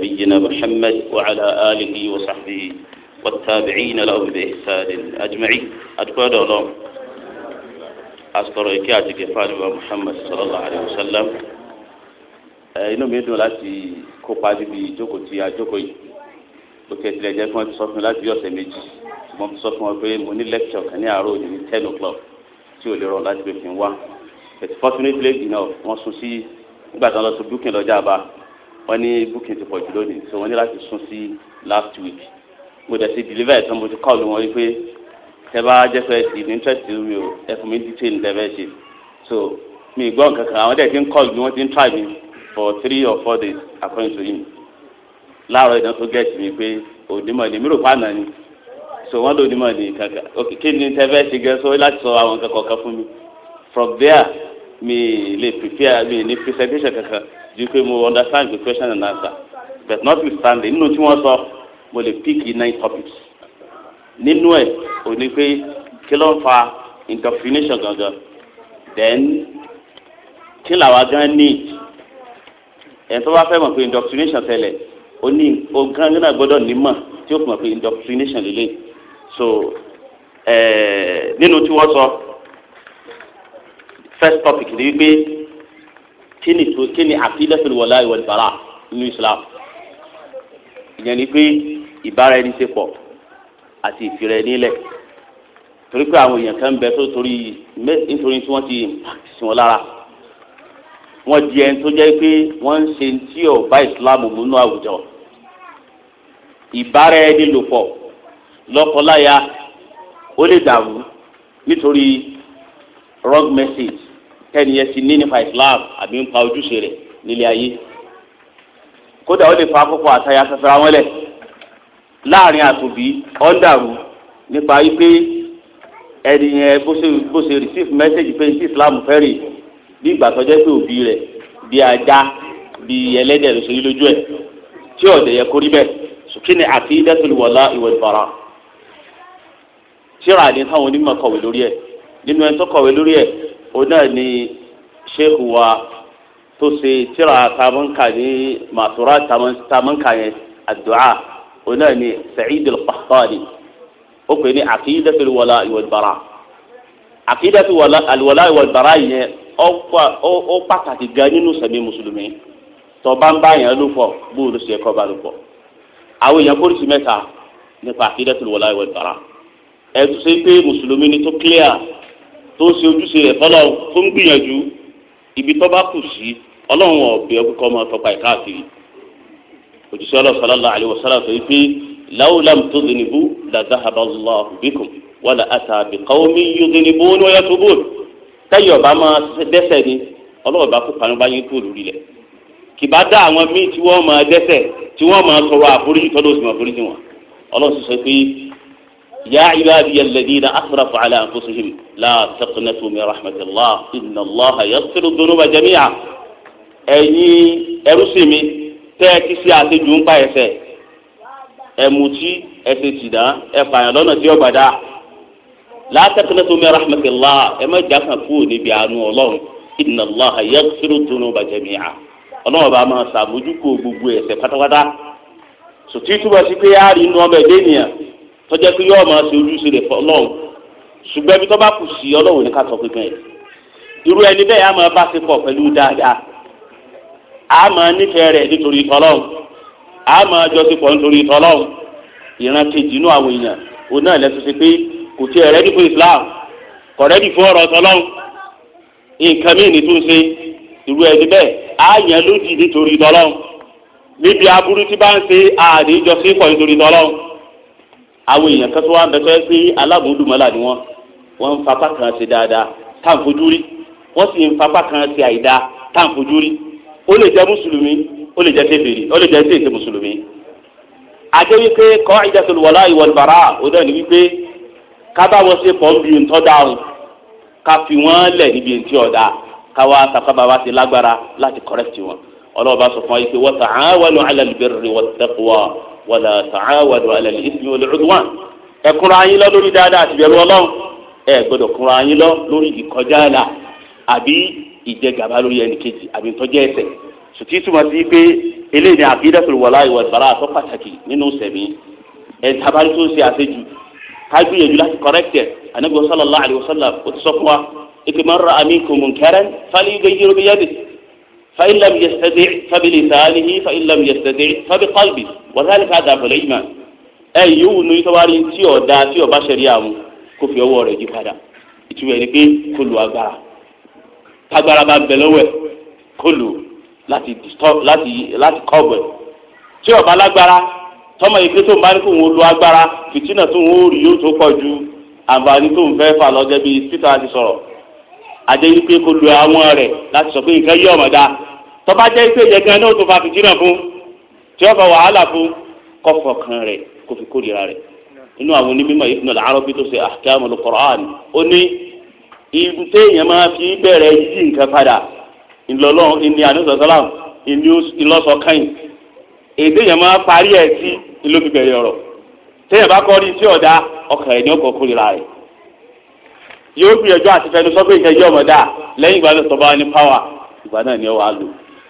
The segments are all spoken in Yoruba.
نبينا محمد وعلى آله وصحبه والتابعين لهم بإحسان أجمعين أتقول لهم asọ̀rọ̀ ìkí àti kẹfàánù wa Muhammad sallallahu alayhi wa sallam inú mi dùn láti kópa níbi ìjókòó tí a jókòó yìí ó ti ẹtìlẹ̀ jẹ́ kí wọ́n ti sọ fún mi láti ọ̀sẹ̀ méjì mo ti sọ fún wọn pé mo ní lecture kan ní àárọ̀ òní ní ten o'clock tí ò lè rọ̀ láti pè fún wa but fortunately enough wọ́n sún sí nígbà tí wọ́n lọ sí dúkìn lọ́jà àbá wọ́n ní booking ti pọ̀jù lónìí so wọ́n ní láti sún sí last week mo dẹ̀ ti deliver ẹ̀ tán mo ti kọ́ọ̀lù wọn wípé tẹ́ bá ti ní interest mi o ẹ fún mi detail lẹ́fẹ́ so mi gbọ́ nǹkan kan àwọn dẹ̀ ti ń kọ́ọ̀lù mi wọ́n ti ń try mi for three or four days according to him láàárọ̀ ìdán tó gẹ̀ẹ́sì mi pé òdìmọ̀ ni mi rò pa ni so wọ́n lò òdìmọ̀ ni kankan ok kí ni tẹ́ fẹ́ ṣe gẹ́ so láti sọ àwọn kankan kan fún mi from there mi lè prepare mi ní presentation kankan ju pé mo understand the question and answer but notwithstanding nínú tí wọ́n sọ mo lè pick nine topics nínú ẹ̀ ò ní pé kí ló ń fa indoctrination gangan then kí làwa gan need ẹ̀ tó bá fẹ́ mọ̀ pé indoctrination tẹ́lẹ̀ ó ní nǹkan náà gbọ́dọ̀ nímọ̀ tí ó fi mọ̀ pé indoctrination lélẹ̀ so eh, nínú tí wọ́n sọ first topic ni wípé kí ni tó kí ni aqidatul wala'i bara' nínú islam ìyẹn ni pé ìbára ẹni ṣe pọ̀ àti ìfìrẹ nílẹ̀ torí pé àwọn èèyàn kan bẹ tó torí nítorí tí wọ́n ti impact sí wọn lára wọ́n di ẹni tó jẹ́ pé wọ́n ń ṣe tí ọba islam múnú àwùjọ ìbára ẹni lò pọ̀ lọ́kọláya ó lè dàrú nítorí wrong message tẹ́ni yẹn ti ní nípa Islam àbí ń pa ojúṣe rẹ̀ nílé ayé kódà ó lè fa akókò àtàyà sasara wọn lẹ̀ láàrin àtòbí ọ̀ndàrú nípa wípé ẹni yẹn bó ṣe receive message pé ti Islam fẹ́rẹ̀ bí ìgbà tọ́jẹ́ pé òbí rẹ̀ bí ajá bí ẹlẹ́dẹ̀ ló ṣe yí lójú ẹ̀ tí ọ̀dẹ̀ yẹ kórí bẹ́ẹ̀ sùkínì àti ìdẹ́tùlùwọ̀lá ìwẹ̀ ìbára tíra ni táwọn onímọ̀ kọ̀wé lórí ẹ̀ nínú ẹni tó kọ̀wé lórí ẹ̀ o náà ni sheikh wa tó ṣe tíra tamanka ní màtúrà tamanka yẹn àdúrà o náà ni Sa'id al-Qahtani o pè ní aqidatu al-wala'i wal-bara aqidatu al-wala'i wal-bara yẹn ó pàtàkì gan nínú sẹ̀mí mùsùlùmí tọba ń bá yẹn ló fọ bóòlù sí ẹkọ bá ló fọ àwọn èèyàn kórìsì mẹ́ta nípa àkídẹ́tù wọlá ìwọ ìbára ẹtù sí pé mùsùlùmí ni tó clear tó ṣe ojúṣe rẹ̀ fọlọ́ ibi tó bá kù sí ọ̀bẹ ọkọ̀ ọmọ tọpa ìkáàkiri òjíṣẹ́ ọlọ́sọ̀lọ́lá àlewọ̀sọ́lá sọ wípé láwùlám tó dìnnìbù làzáhàbàlá bíkùn wàlà àtàbí káwọ́mí yóò dìnnìbù ní ọ̀yà tó bòlù táyọ̀ bá máa dẹ́sẹ̀ ni bá kó panu bá yín lórí dá àwọn míì tí wọ́n máa dẹ́sẹ̀ tí wọ́n máa يا عبادي الذين أسرفوا على أنفسهم لا تقنطوا من رحمة الله إن الله يغفر الذنوب جميعا ẹ̀yin ẹrúsìn mi tẹ́ ẹ ti ṣe àṣejù ń pa ẹ̀ṣẹ̀ ẹ mutí ẹ ṣe tìdá ẹ fààyàn lọ́nà tí ó gbàdá la taqnatu min rahmatillah ẹ má jà kan kúrò níbi àánú Ọlọ́run inna Allaha yaghfiru dhunuba jami'a Ọlọ́run bá máa ṣàmójúkò gbogbo ẹ̀ṣẹ̀ pátápátá sòtítúbọ sí pé yáa rí inú ọmọ ẹdẹ nìyẹn tọ́jẹ́ pé yóò máa ṣe ojúṣe rẹ̀ fún ọlọ́run ṣùgbọ́n ibi tó bá kù sí ọlọ́run ní ká sọ pípẹ́ yẹn irú ẹni bẹ́ẹ̀ á máa bá ṣe pọ̀ pẹ̀lú dáadáa á máa nífẹ̀ẹ́ rẹ̀ nítorí tọ́lọ́run á máa jọ ṣe pọ̀ nítorí tọ́lọ́run ìran kejì inú àwọn èèyàn òun náà lẹ́tọ́ sí pé kò tiẹ̀ rẹ́dí fún Islam kò rẹ́dí fún ọ̀rọ̀ tọ́lọ́run nǹkan míì ní túnṣe irú ẹni bẹ́ẹ̀ á yẹn lódì nítorí tọ́lọ́run níbi aburú tí bá ń ṣe àdéjọ sí pọ̀ nítorí tọ́lọ́run àwọn èèyàn kan tó wá ń bẹ́tọ́ pé alábòódùmọ́là ni wọ́n wọ́n ń fapá kan ṣe dáadáa tá à ń fojú rí wọ́n sì ń fapá kan ṣe àìda tá à ń fojú rí ó lè jẹ́ mùsùlùmí ó lè jẹ́ tẹ̀fẹ̀rì ó lè jẹ́ tẹ̀sí mùsùlùmí. àjẹ́ wípé qa'idatul wala'i wal bara'a ó dẹ̀ ní wípé ká ṣe pọ̀ ń bi ntọ́ dáhùn ká fi wọ́n lẹ̀ níbi ntí ọ̀dà ká wá ṣe lágbára láti kọ́rẹ́tì wọn ọlọ́ọ̀bá sọ fún wa yìí pé wa ta'awalu 'ala al-birri wat-taqwa wàlà tààwàdù alẹ́ ìsìn olùdúwà ẹ kúnra yín lọ lórí dáadáa àti bẹ̀rù ọlọ́run ẹ gbọ́dọ̀ kúnra yín lọ lórí ìkọjá àlà àbí ìjẹgàba lórí ẹnì kejì àbí ìtọ́jẹ́ ẹsẹ̀ sùtì túmọ̀ sí pé eléyìí ni àbídàtò wàlà ìwà ìbára àtọ́ pàtàkì nínú sẹ̀mí ẹ̀ tábàrí tó ń ṣe àṣejù kájúyèjú láti kọ́rẹ́kítẹ̀ anábìyàn sallallahu alaihi wasallam ó ti sọ fún wa ìpè man ra'a minkum munkaran falyughayyirhu biyadihi فإن لم يستطع فبلسانه فإن لم يستطع فبقلبه وذلك هذا الإيمان أي يونو يتواري tí ó dá tí ó bá ṣẹ̀ríà mu kó fi ọwọ́ rẹ̀ yí padà ìtumọ̀ ẹni pé kó lu agbára tágbára bá ń bẹ lọ́wọ́ ẹ̀ kó lu láti láti láti kọ́ọ̀bù ẹ̀ tí ó bá lágbára tọ́mọ ìpín tó ń bá ní kó ń lu agbára fìtínà tó ń rí yóò tó pọ̀ ju àǹfààní tó ń fẹ́ fà lọ́jọ́ bíi títà ti sọ̀rọ̀ àjẹ́ yí pé kó lu àwọn rẹ̀ láti sọ pé nǹkan yí ọ̀mọ̀dá tọ́ba jẹ́ ipe ìjẹ̀gán náà tó fa fìjìnà fún tí wọ́n fa wàhálà fún kọ́fọ̀ kan rẹ̀ kó fi kórìíra rẹ̀ inú àwọn onímọ̀ Ibn al-Arabi tó ṣe ahkamul Qur'an ó ní ibi téèyàn máa fi bẹ̀rẹ̀ yí nǹkan padà ìlọ́lọ́ ìní àdúsọ̀sọ́làm ìní ìlọ́sọ̀ kẹ́yìn èdè yẹn máa parí ẹ̀ sí ìlómi bẹ̀rẹ̀ ọ̀rọ̀ téèyàn bá kọ́ rí sí ọ̀dà ọkàn ẹ̀ ní ọkọ̀ kórìíra rẹ̀ yóò gbìyànjú àti fẹnusọ́gbẹ̀ ìkẹjọ́ ọmọdà lẹ́yìn ìgbà náà tọ́ba ní pàwà ìgbà náà ni ọ lò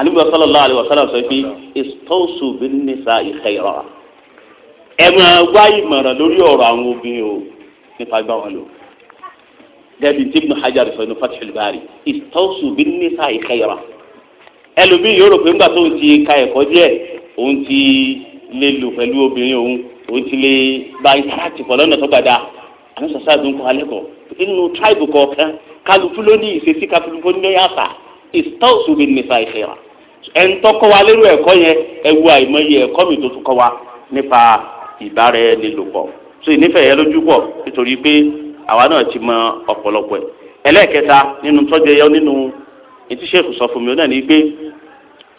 àníbọ̀ sallallahu alaihi wasallam sọ pé istawsu bin nisa'i khayra ẹ máa wá ìmọ̀ràn lórí ọ̀rọ̀ àwọn obìnrin o nípa gbà wọn lò gẹ́gẹ́ tí ibùdó hajar sọ ní Fathul Bari istawsu bin nisa'i khayra ẹlòmíì yóò rò pé ńgbà tó ń ti ka ẹ̀kọ́ díẹ̀ òun ti lè lò pẹ̀lú obìnrin òun òun ti lè ba ìtaratì pọ̀ lọ́nà tó gbàdá àmì sọ̀sọ́ àdúgbò alẹ́ kọ̀ inú tíráìbù kọ̀ọ̀kan kálukú ló ìṣesí kálukú ló ní ìtọ́sù bí nìfà ìfẹ́ra ẹ̀ńtọ́ kọ́ wa lérò ẹ̀kọ́ yẹn ẹwu àìmọye ẹ̀kọ́ mi tó tún kọ́ wa nípa ìbára ẹni lò pọ̀ so ìnífẹ̀ yẹn lójú pọ̀ nítorí pé àwa náà ti mọ ọ̀pọ̀lọpọ̀ ẹ̀ ẹlẹ́ẹ̀kẹta nínú tọ́jú yọ nínú etí sèkù sọ fún mi ó náà ní pé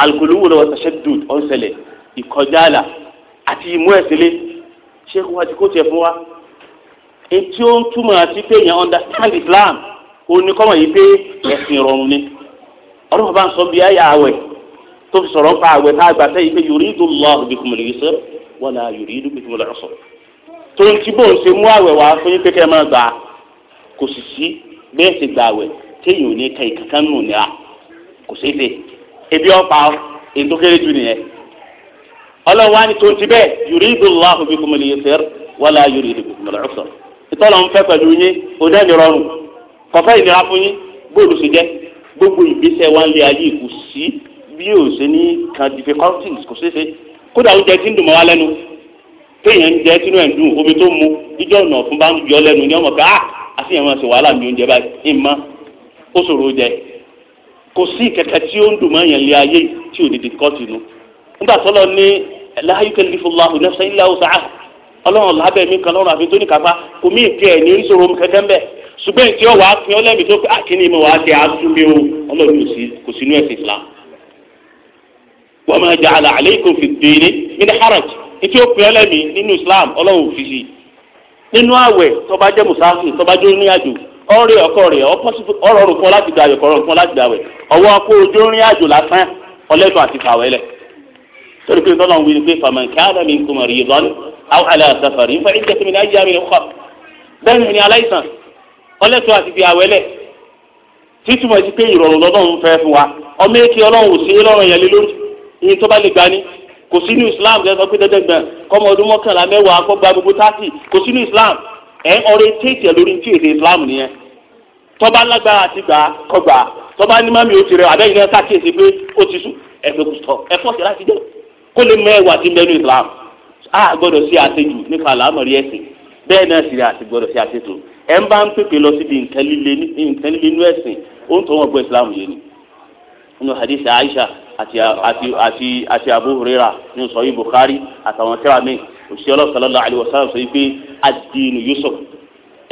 alukólówó lọ́wọ́ tashadud ọ̀nsẹ̀lẹ̀ ìkọjá àlà àti ìmú ẹ̀sìnlẹ̀ túmọ̀ àti pé èèyàn understand Islam òun ni kọ́mọ̀ yìí pé ẹ̀sìn rọrùn ni ọlọ́run bá ń sọ bí ayà àwẹ̀ tó fi sọ̀rọ̀ pa àwẹ̀ tá a gbà sẹ́yìn pé yuridu Allahu bikumul yusra wala yuridu bikumul usra tó ń tí bò ń ṣe mú àwẹ̀ wá fún yín pé kẹ́ ẹ máa gbà á kò sì sí bẹ́ẹ̀ ṣe gbà àwẹ̀ téèyàn ò ní ka ìkankan nù nira kò sí ṣe ebi ọ̀pá èyí tó nìyẹn ọlọ́run wá tó ń ti bẹ́ẹ̀ yuridu Allahu bikumul yusra wala yuridu bikumul usra ìtọ́lọ́ ń fẹ́ pẹ̀lú yín òdẹ́ ìrọ̀rùn kọ̀fẹ́ ìnira fún yín bóòlù sì jẹ́ gbogbo ìgbésẹ̀ wa ń lé ayé kò sí bí yóò ṣe ní kan difficulties kò ṣeé ṣe kódà oúnjẹ tí ń dùn mọ́ wa lẹ́nu téèyàn ń jẹ tínú ẹ̀ ń dùn omi tó mu ìjọ ọ̀nà ọ̀fun bá ń yọ lẹ́nu ní ọmọ ká ah! àfihàn máa ṣe wàhálà mi oúnjẹ báyìí ìmọ̀ ó ṣòro jẹ kò sí kẹ̀kẹ́ tí ó ń dùn mọ́ èèyàn lé ayé tí ò ní difficulty nígbà tó lọ ní la yukallifu Allahu nafsan illa wus'aha ọlọ́run lábẹ́ mi kan lọ́rùn àfi tó ní kápá kò mí ṣùgbọ́n ìtì ọ̀wà pin ọlẹ́mìí tó pé àkíní ah, mo wà á tẹ àtúnmí o ọlọ́run kò sínú ẹ̀sìn Islam. wa ma ja'ala alaykum fi ddini min haraj ìtì ó pin ọlẹ́mìí nínú Islam ọlọ́run fi sí. nínú àwẹ̀ tọba jẹ́ musafir tọba jẹ́ onírìnàjò ọ̀rẹ́ ọkọ rẹ̀ ọ̀rọ̀rùn fún láti dàwẹ̀ kọ̀rọ̀ fún láti dàwẹ̀ ọwọ́ akó ojú onírìnàjò lásán ọlẹ́dùn ọlẹ́tọ̀ àti fi àwẹ́lẹ̀ títúmọ̀ sí pé ìrọ̀rùn lọ́lọ́run fẹ́ fún wa ọmọ èké ọlọ́run ò sí lọ́rùn yẹn lé lórí ìyẹn tó bá lè gbani kò sí ní islam lẹ́sọ pé dẹ́dẹ́gbẹ̀ kọ́mọ ọdún mọ́kànlá mẹ́wàá kọ́ gba gbogbo tásì kò sí ní islam ẹ̀ ọ̀rẹ́ tètè lórí tí èdè islam nìyẹn tọ́ba lágbára gbà kọ́ gbà tọ́ba ní mami ó ti rẹ náà pé ó ti sùn kò ẹ̀fọ́ bẹ́ẹ̀ náà sì rẹ̀ àti gbọ́dọ̀ sí àtẹ̀tò ẹ̀ ń bá ń pèpè lọ síbi nǹkan líle nínú ẹ̀sìn ó ń tọ́ wọn gbọ́ islam yẹn ni nínú hadith aisha àti àti àti àti abu huraira nínú sọ yìí bukhari àtàwọn tẹ́wà míì òṣìṣẹ́ ọlọ́sàlọ́lá àlùwọ̀ sábà sọ pé ad-dinu yusuf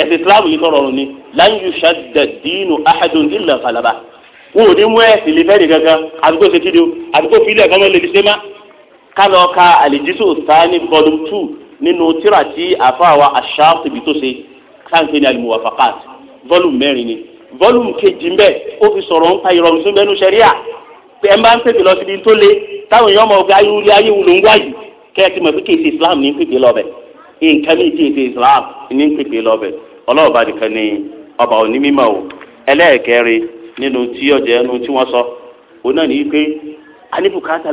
ẹ̀sìn islam yìí tọrọ ọ̀run ni lan yushadda ad-dinu ahadun illa ghalaba wọn ò ní mú ẹ̀sìn lè fẹ́ẹ́ gangan àdúgbò ṣe kíni o àdúgbò fílẹ̀ kọ́mọ́ lè fi ṣe má kálọ̀ ka àlèjísò sáà ní volume nínú tíra tí àfàwà aṣáàtìbí tó ṣe káńké ní alimuwafakat volume mẹ́rin ni volume kejì ń bẹ ó fi sọ̀rọ̀ ń pa ìrọ̀rùn sí bẹ́nu sẹ́ríà pé ẹ máa ń pèpè lọ síbi tó le táwọn èèyàn ọmọ ọgbà ayélujára ayé ló ń wáyé kẹ́ mọ̀ pé kì í ṣe islam ní pèpè lọ́bẹ̀ nǹkan ní kì í ṣe islam ní pèpè lọ́bẹ̀ ọlọ́ọ̀bá nìkan ni ọba òní mímọ́ o ẹlẹ́ẹ̀kẹrin nínú tí ọjà ẹnu tí wọ́n sọ òun náà ní pé a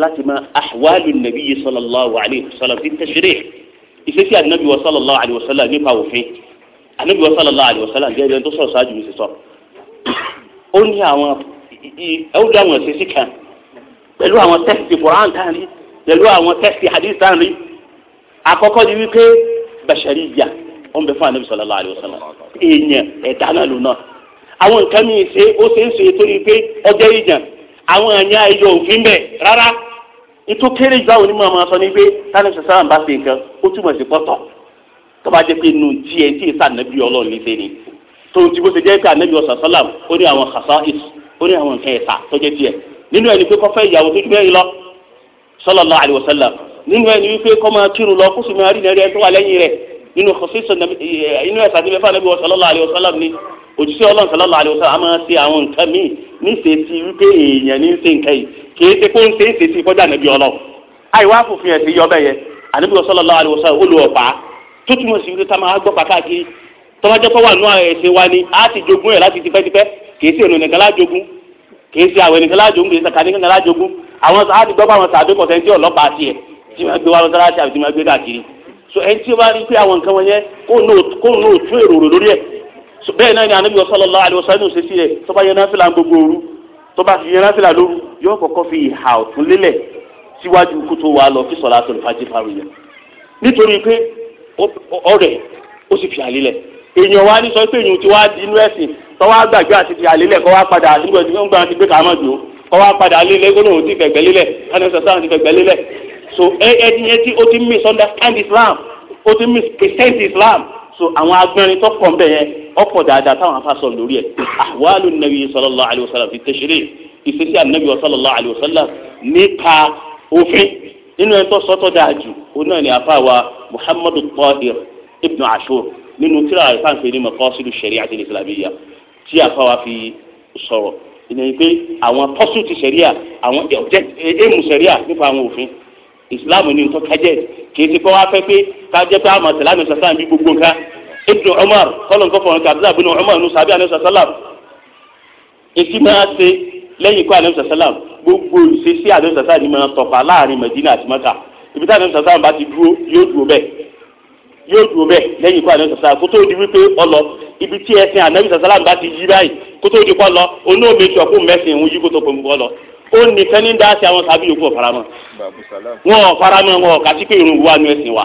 láti mọ ahwalu nàbí sallallahu alayhi wa sallam fi tashri'i ìṣesí ànábì wa sallallahu alayhi wa sallam nípa òfin ànábì wa sallallahu alayhi wa sallam gẹ́gẹ́ bí tó sọ̀rọ̀ ṣáájú mi ti sọ̀rọ̀ ó ní àwọn ó dá àwọn ìṣesí kan pẹ̀lú àwọn tẹ́sítì Qur'an tá à ń rí pẹ̀lú àwọn tẹ́sítì hadith tá à ń rí àkọ́kọ́ ni wípé bashariya ó ń bẹ fún ànábì sallallahu alayhi wa sallam èèyàn ẹ̀dá náà ló náà àwọn nǹkan mi ṣe ó ṣe ń ṣe torí pé ọjọ́ ìjàn àwọn àyàn ayọ̀ òfin bẹ̀ rárá ètò kéré ìgbà òní máa sọ ní pé tani sàṣà ń bá ṣe nǹkan ó túmọ̀ sí pọ́tọ̀ tó bá jẹ́ pé nu díẹ̀ tí èsà nàbí ọlọ́run ní sẹ́ni tó ti bó ṣe jẹ́ pé ànábì ọ̀sán sálàm ó ní àwọn xasa is ó ní àwọn nǹkan ẹ̀sà tó jẹ́ díẹ̀ nínú ẹni pé kó fẹ́ ìyàwó tó ju mẹ́rin lọ sallallahu alaihi wasallam nínú ẹni wípé kó máa kírun lọ kó sì máa rí nàrí ẹ tó wà lẹ́yìn rẹ̀ sallallahu alaihi wasallam ni òjíṣẹ́ ọlọ́run sallallahu alaihi wasallam a máa níṣèṣì wípé èèyàn ní ṣe nǹkan yìí kìí ṣe kó ń ṣe é ṣèṣì fọ́jà nàbí ọlọ́ àìwá fòfin ẹ̀sìn yọ bẹ́ẹ̀ yẹ ànábì sallallahu alaihi wasallam olùọ̀pá tó túmọ̀ sí wípé ká máa gbọ́ pàkàkiri tọ́lájọ́ pọ̀ wà nù ẹ̀sìn wa ni á ti jogún ẹ̀ láti tipẹ́tipẹ́ kìí ṣe ènìyàn nìkan lájogún kìí ṣe àwẹ̀ nìkan lájogún kìí ṣe kàní nìkan lájogún àwọn á so ẹni tí ó bá rí pé àwọn nǹkan bẹ́ẹ̀ náà ni anabi sallallahu alaihi wasallam ṣe sí ẹ tó bá yẹn náà fìlà gbogbo òru tó bá yẹn náà fìlà lóru yóò kọ́kọ́ fi ìhà ọ̀tún lélẹ̀ síwájú kó tó wà lọ kí salatul fajr fáwọn yẹn nítorí pé ọ̀rẹ́ ó sì fi àlélẹ̀ èèyàn wa ní sọ pé èèyàn ti wá di inú ẹ̀sìn tó wá gbàgbé àti fi àlélẹ̀ kó wá padà nígbà tí wọ́n gbà ti gbé kàmọ́ jù kó wá padà lélẹ̀ kó lóun ti fẹ̀gbẹ́ lélẹ̀ kánú sọ̀tàn ti fẹ̀gbẹ́ lélẹ̀ so ẹni ẹni tí ó ti misunderstand Islam ó ti misunderstand Islam so àwọn agbẹ́rin tó pọ̀ nbẹ̀ yẹn ọ̀pọ̀ dáadáa táwọn afa sọ lórí ẹ̀ ahwalu nabi sallallahu alayhi wa sallam fi tashri' ìfésì anabi sallallahu alayhi wa sallam nípa òfin nínú ẹ̀ tó sọ́tọ̀ dáa jù ó náà ní afa wa muhammadu tahir ibnu ashur nínú tíra àìfáǹfẹ́ ní maqasidu shari'ati al-islamiyya tí afa fi sọ̀rọ̀ ìyẹn pé àwọn pọ́sù ti sẹ̀ríà àwọn ẹ̀mù sẹ̀ríà nípa àwọn òfin ìsìláàmù ní nǹkan kájẹ́ kì í ti kọ́ wá fẹ́ pé kájẹ́ pé àmọ̀ sàlámù sàsán bí gbogbo nǹkan ibnu umar kọ́lọ̀ nǹkan fọ̀rọ̀ kí abdullahi ibnu umar nù sàbí àníṣà sàlám etí máa ṣe lẹ́yìn ikú àníṣà sàlám gbogbo olùṣesí àníṣà sàlám ni máa tọ̀fà láàrin medina àti maka ibi tí àníṣà sàlám bá ti dúró yóò dúró bẹ́ẹ̀ yóò dúró bẹ́ẹ̀ lẹ́yìn ikú àníṣà sàlám kó tó di wípé ọlọ ibi tí ẹsìn àníṣà sàlám bá ti yí báyìí kó tó di kọ́ lọ onóòmẹ́sì ọ̀kú mẹ́sìn ìhun yí kó tó pọ̀ ó nìkan ní dáhà sí àwọn sábì yòókù ọ̀faramọ́ wọn ọ̀faramọ́ wọn ọ̀ka sí pé irun wa nu ẹ̀sìn wa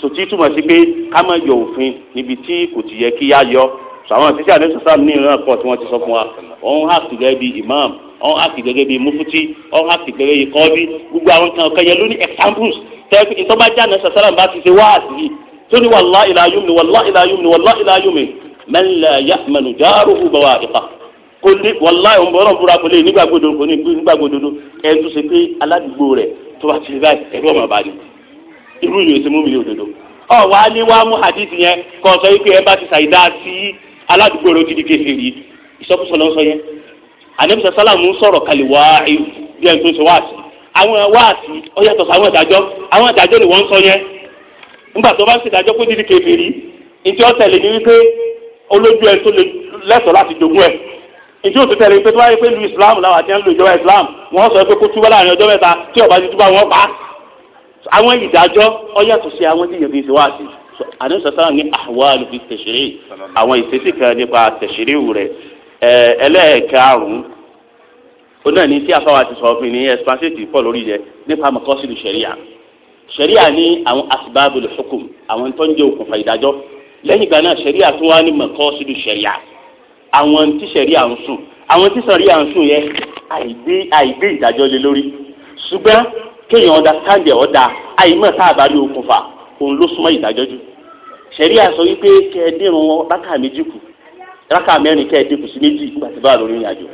sòtí túmọ̀ sí pé ká má yọ òfin níbi tí kò ti yẹ kí á yọ sàwọn àti sàdé sàsàm ní ìran pọ̀ tí wọ́n ti sọ fún wa òun hà sí gẹ́gẹ́ bí imam òun hà sí gẹ́gẹ́ bí mufuti òun hà sí gẹ́gẹ́ bí kọ́bí gbogbo àwọn kan kẹyẹ lóní examples tẹ́kí ìtọ́bájá náà sàsàm bá ti ṣe wá àsìyí tó ní wàllá ìlàyùm ni wàllá ìlàyùm ni wàllá ìlàyùm ni man la kò ní wàláyé òun bọ̀rọ̀ fúra kò lè nígbàgbọ́dọ̀ kò ní nígbàgbọ́dọ̀ ẹni tó ṣe pé aládùúgbò rẹ̀ tó bá ti rí báyìí ẹ̀rọ ọmọ bá ní irú ìlú èsì múmi òdodo. ọ wá ní wá mú hadith yẹn kọ sọ wípé ẹ bá ti ṣàìdá sí aládùúgbò rẹ̀ ti di kéfì rí ìsọkúsọ lọ sọ yẹn. ànẹ́bísà sálàmù ń sọ̀rọ̀ kalẹ̀ wá bí ẹni tó ń sọ wáàsì àwọn wáàsì ó yàtọ̀ sí àwọn ìdájọ́ àwọn ìdájọ́ ni wọ́n ń sọ yẹn nígbà tó bá ń ṣèdájọ́ kó dídí kéfì rí ìtí ọ̀tẹ̀lẹ̀ ni wípé olójú ẹ tó lẹ́tọ̀ọ́ láti jogún ẹ̀ ìdí òtún tẹ̀lé pé tó wáyé pé lu islam làwọn àti ẹnu lu ìjọba islam wọ́n sọ pé kó túbọ̀ láàrin ọjọ́ mẹ́ta tí ọba ti túbọ̀ wọ́n pa á. àwọn ìdájọ́ ó yàtọ̀ sí àwọn tí yẹ̀bi ti wá sí àdéhùn sọ́sọ́ ní àwọn àlùfí tẹ̀sírì àwọn ìṣesí kan nípa tẹ̀sírì rẹ̀ ẹlẹ́ẹ̀karùn-ún ó náà ní tí afáwa ti sọ fún mi ní ẹ̀sìpáṣẹ́tì pọ̀ lórí yẹ nípa mọ̀kọ́sílù ṣẹ̀ríà ṣẹ̀ríà ní àwọn àwọn tíṣẹ̀rí à ń sùn àwọn tíṣẹ̀rí à ń sùn yẹn àìgbé àìgbé ìdájọ́ lé lórí ṣùgbọ́n kéèyàn ọ̀dà káńdì ọ̀dà àìmọ̀ tá a bá rí okùnfà òun ló súnmọ́ ìdájọ́ jù ṣẹ̀rí à sọ wípé kẹ́ẹ̀dínrún rákà méjì kù rákà mẹ́rin kẹ́ẹ̀dínkù sí méjì nígbà tí báà lórí ìrìnàjò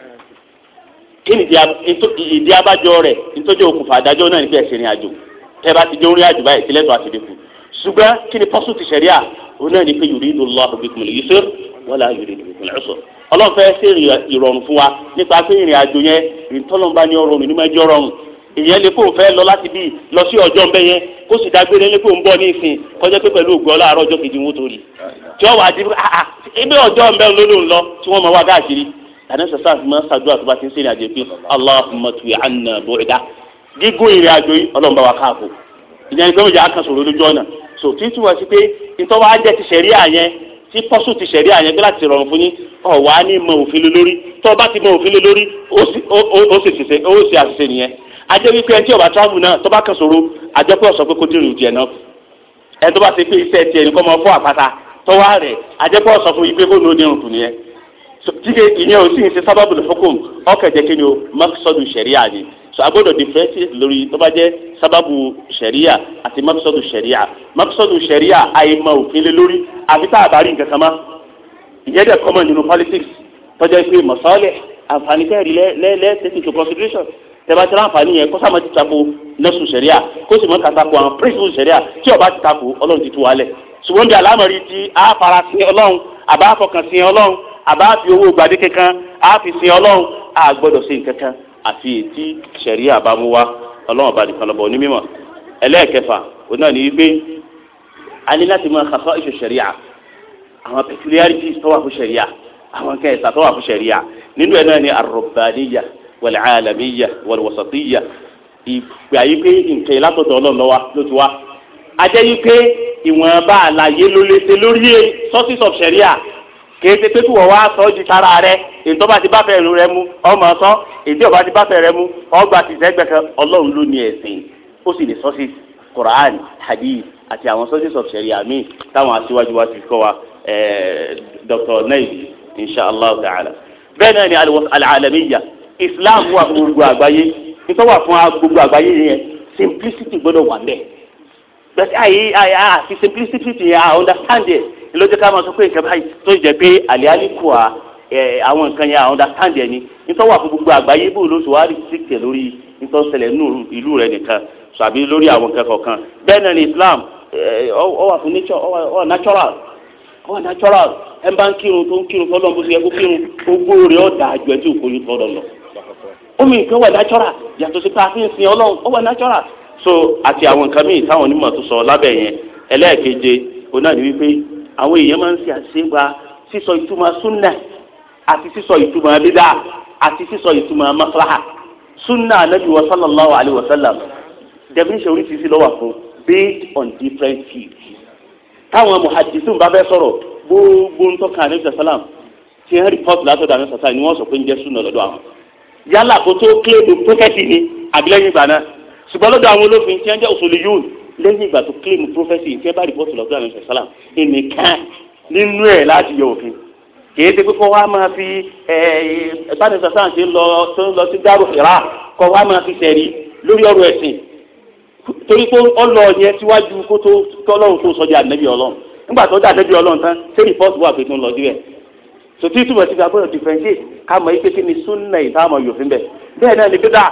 kí ni ìdí abájọ rẹ̀ nítọ́jú okùnfà àdájọ́ náà níbi ẹ̀sìn ìrìnàjò tẹ́ bá ti dé orí àjùbá ìtìlẹ́tọ̀ àtìdínkù ṣùgbọ́n kí ni pọ́sùn ti ṣẹ̀rí à òun náà ní pé yorùbá ìlú lọ́wọ́ àbíkùn lè yí sẹ́rù wọ́n là á yòrè ìdìbò fún ẹ̀sọ́ ọlọ́run fẹ́ ṣe ìrọ̀rùn fún wa nípa pé ìrìn àjò yẹn ìtọ́lọ́mba ni ọrọ̀ òmìnira jọ rọrùn ìyẹn lè kó o fẹ́ lọ láti bí lọ sí ọjọ́ ń bẹ yẹn kó sì dágbére lé kó o ń bọ̀ ní ìsìn kọjá pé pẹ̀lú ògùn ọlọ́àárọ̀ ọjọ́ kejì wọn tó tí wọ́n wà á di ah, ah, ibi ọjọ́ ń bẹ ló lọ tí wọ́n máa wá káàkiri tí pọ́sù ti ṣẹ̀rí àyẹ̀ pé láti rọrùn fún yín ọ̀wá ní mọ òfin lé lórí tó o bá ti mọ òfin lé lórí ó sì ṣe ó sì àṣìṣe nìyẹn ajẹ́ wípé ẹni tí ọba travel náà tó bá kàn sòro ajẹ́ pé ọ̀sán pé kó dìrò ìdí ẹ̀ náà ẹni tó bá ti pé iṣẹ́ tiẹ̀ nìkan mọ fún àpáta tó wá rẹ̀ ajẹ́ pé ọ̀sán fún yìí pé kó ló ní irun tù nìyẹn tíkẹ́ ìyẹn ò sì ń ṣe sábàbù lọ́fọ́kùn ọkẹ̀ jẹ́ kí ni o mọ́sọ́dù ṣẹ̀ríà ni so a gbọ́dọ̀ differentiate lórí tó bá jẹ́ sábàbù sẹ̀ríà àti mọ́bísọ́dù sẹ̀ríà mọ́bísọ́dù sẹ̀ríà àìmọ̀ òfin lé lórí àfi tá nǹkan kan mọ́ ìyẹn dẹ̀ common nínú politics tọ́jà pé mọ̀sálẹ̀ àǹfààní kẹ́rì lẹ́ẹ̀lẹ́ẹ̀tẹ̀sìn to consideration tẹ́bàtí láǹfààní yẹn kó sáma ti tako nẹ́sùn sẹ̀ríà kó sì mọ́ kàtàkù àwọn principle sẹ̀ríà tí ọba ti tako ọlọ́run ti tu wálẹ̀ ṣùgbọ́n bí alámọ̀rí ti á fara sin ọlọ́run àbá fọkàn sin ọlọ́run àbá fi owó gbadé kankan á fi sin ọlọ́run á gbọ́dọ̀ sin kankan àti ètí sẹ̀ríà bá mú wá ọlọ́wọ́n bá nìkan lọ́bọ̀ onímọ̀ ẹlẹ́ẹ̀kẹfà òun náà ní wípé a ní láti máa kàfọ́ ìṣe sẹ̀ríà àwọn peculiarities tó wà fún sẹ̀ríà àwọn kẹsà tó wà fún sẹ̀ríà nínú ẹ̀ náà ní arọ̀bàníyà wàlẹ̀ àlàmíyà wàlẹ̀ wàsàtíyà ìgbà yìí pé nǹkan ìlàtọ̀tọ̀ ọlọ́run ló ti wá ajẹ́ yìí pé ìwọ̀nba kì í ṣe pé kí wọ́n wá sọ ju tara rẹ èyí tó bá ti bá fẹ́ẹ́ rẹ mu ọmọ sọ èyí ọba ti bá fẹ́ẹ́ rẹ mu ọgbà ti sẹ́gbẹ́ kan ọlọ́run ló ní ẹ̀sìn ó sì ní sources Quran hadith àti àwọn sources of sharia mi táwọn aṣíwájú wa ti kọ́ wa Dr. nail inshallah ta'ala bẹ́ẹ̀ náà ni alàlàmíyà Islam wà fún gbogbo àgbáyé nítorí wà fún gbogbo àgbáyé yẹn simplicity gbọ́dọ̀ wà bẹ́ẹ̀ bẹ́ẹ̀ àyè àti simplicity yẹn à understand it. lójú ká máa sọ pé nǹkan báyìí tó jẹ́ pé àlìálìkù à àwọn nǹkan yẹn understand ẹ̀ nítorí gbogbo àgbáyé bò lóṣù wá rí síkẹ̀ lórí nítorí ṣẹlẹ̀ nù ìlú rẹ̀ nìkan sàbí lórí àwọn nǹkan Islam ọ wà fún natural ó wà natural bá ń kírun tó ń kírun fọlọ́n bó ṣe yẹ kó kírun tí òkú fọlọ́n lọ omi nǹkan wà natural yàtọ̀ sí so àti àwọn nǹkan míì àwọn èèyàn máa ń ṣe àṣegbà sísọ ìtumọ̀ súnà àti sísọ ìtumọ̀ abídà àti sísọ ìtumọ̀ maslaha súnà anabi wa sallallahu alayhi wa sallam definition oríṣiríṣi ló wà fún based on different fields táwọn muhadithun bá fẹ́ sọ̀rọ̀ gbogbo ń tọ́ka anabi sallam ti ń report látọ̀dọ̀ anabi sallam ni wọ́n sọ pé ń jẹ́ súnà lọ́dọ̀ àwọn yálà kó tó claim the prophet ni àbílẹ̀yìn ìgbà náà ṣùgbọ́n lọ́dọ̀ àwọn olófin ti ń jẹ́ òṣèlú yóò lẹ́yìn ìgbà tó kílèmù prọfẹ́sì ìfẹ́ bá rìpọ́tù lọ́dọ̀ àmì sàlám ẹnìkan nínú ẹ̀ láti yọ òfin kìí ṣe pé kọ́ wa máa fi ẹ̀ẹ́dẹ́gbàdì sàlám ṣe lọ tó ń lọ sí dárò ìrà kọ́ wa máa fi sẹ̀rí lórí ọ̀rọ̀ ẹ̀sìn torí pé ọlọ yẹn síwájú kó tó tọ́lọ́run tó sọjà ànábì ọlọ́run nígbà tó dà ànábì ọlọ́run tán ṣé rìpọ́tù wà pé tó ń lọ síbẹ̀ sòtí túbọ̀ ti fi àbúrò differentiate ká mọ̀ yí pé kí ni súnà ìtààmọ̀ yòófin bẹ̀ bẹ́ẹ̀ náà ni bídà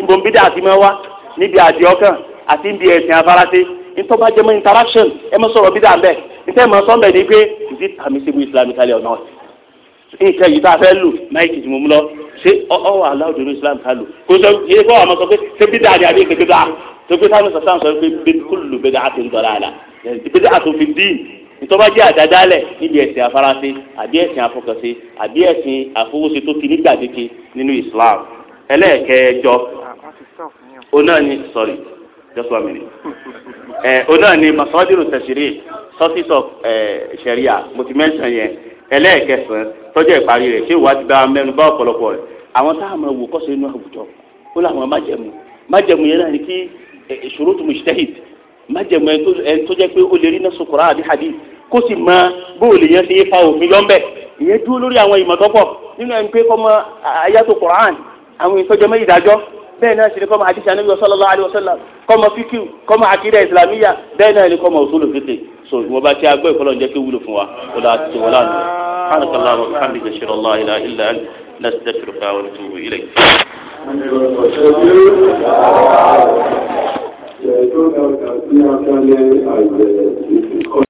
ìbòmídà àti mẹ́wàá níbi àdìọ́kàn àti ibi ẹ̀sìn afárasí ntọ́ba jẹ́mọ́ interaction ẹ mọ sọ̀rọ̀ bí dàbẹ́ ntẹ́ mọ sọ́nbẹ̀ ni pé is it permissible islamically or not nǹkan yìí tá a fẹ́ lò náìkì tí mo mú lọ ṣé ọ wà aláwùjọ ní islam ká lò kó sọ yìí kó wà mọ sọ pé ṣé bí dàdí àbí ìpèkè dà tó pé sáwọn sọ sáwọn sọ pé bí kúlù bẹ dà á ti ń dọ̀la àlà bí dà á tó fi dín ntọ́ba jẹ́ àdádálẹ̀ níbi ẹ̀sìn afárasí àbí ẹ̀sìn afọkànsí àbí ẹ̀sìn àfọwọ́sí tó fi nígbàdéke nínú islam ẹlẹ́ẹ̀kẹjọ ọ náà ní sọ̀rí just one minute. ẹ o náà ni masọ́dúró tẹ̀sírí sources of eh, sharia mo ti mention yẹn ẹlẹ́ẹ̀kẹsàn-án tọ́jú ìparí rẹ̀ ṣé ìwádìí bá mẹ́nu bá ọ̀pọ̀lọpọ̀ rẹ̀ àwọn tá a máa wò kọ́sọ̀ inú àwùjọ ó láwọn májẹ̀mú májẹ̀mú yẹn náà ni kí eh, ìṣòro tó mujtahid májẹ̀mú ẹni tó jẹ́ pé ó lè rí náà sọkọ̀rọ̀ àbí hadith kó sì mọ bóòlù yẹn ṣe é fa òfin yọ́ńbẹ̀ ìyẹn dúró lórí àwọn ìmọ̀ tọ́pọ̀ nínú ẹni pé kọ́mọ ayatollah Qur'an àwọn bẹ́ẹ̀ náà ṣe ni kọ́mọ àdìsí anábì sallallahu alaihi wasallam kọ́mọ fíkìw kọ́mọ àkídà ìsìlámíyà bẹ́ẹ̀ náà ni kọ́mọ òṣòlù fìtì so ìwọ bá ti agbẹ́ ìkọlọ̀ ń jẹ́ kí wúlò fún wa kó la ti wọlé àná سبحانك اللهم وبحمدك اشهد ان لا اله الا انت نستغفرك ونتوب اليك Ìjọba ọ̀gá tí a